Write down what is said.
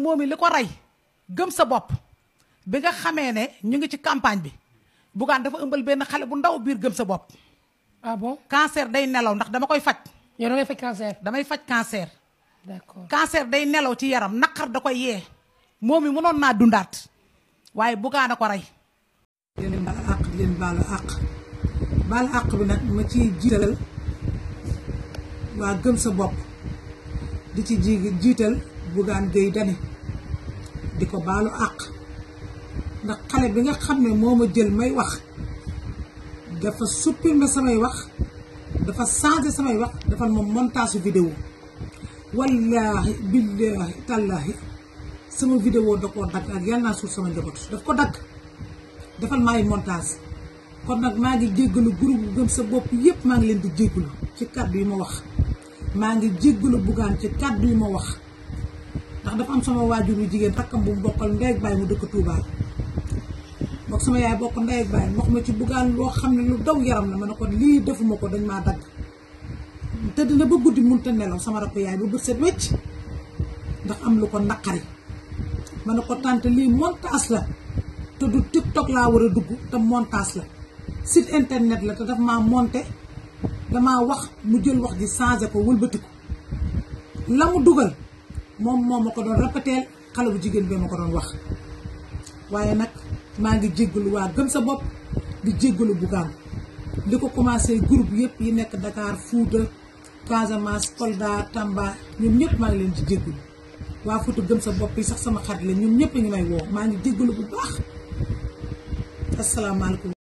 moom i li ko rey gëm sa bopp bi nga xamee ne ñu ngi ci campagne bi bugaan dafa ëmbal benn xale bu ndaw biir gëm sa bopp. ah bon day nelaw ndax dama koy faj. yow da ngay faj cancer. damay faj cancer. d'accord day nelaw ci yaram naqar da koy yee moom i mënoon naa dundaat waaye bugaan a ko rey. yéen a baal àq yéen bi nag ma ci jiital waa gëm sa bopp di ci jiital. Bougane Gueye Dany di ko ak, àq ndax xale bi nga xam moma jël may wax dafa supprimer samay wax dafa changer samay wax dafa mom montage vidéo wallahi billahi tallahi sama vidéo da koo ak yalla su sama njaboot daf ko dag defal may montage kon nak maa ngi jéggalu groupe gëm sa bop yépp leen di djeglu ci kaddu yi ma wax maa ngi jéggalu Bougane ci kaddu yi wax ndax dafa am sama wajur yu jigen rakkam bu bokal ndey ak baay mu dekk Touba bok sama yaay bok ndey ak baay wax ma ci bugan lo xamne lu daw yaram la manako li defumako dañ ma dag te dina ba guddi munta sama rap yaay bu bët set ndax am lu ko nakari manako tante li montage la te du tiktok la wara dugg te montage la site internet la te daf ma monter dama wax mu jël wax di changer ko wulbeutiko lamu duggal moom moom ma ko doon répéteel xale bu jigéen bi ma ko doon wax waaye nag maa ngi jéggalu waa gëm sa bopp di jéggalu Bougane li ko commencé group yëpp yi nekk Dakar Fouta Casamance Kolda Tamba ñoom ñëpp maa ngi leen di jéggalu waa Fouta gëm sa bopp yi sax sama xarit la ñoom ñëpp ngi may woo maa ngi jéggalu bu baax asalaamaaleykum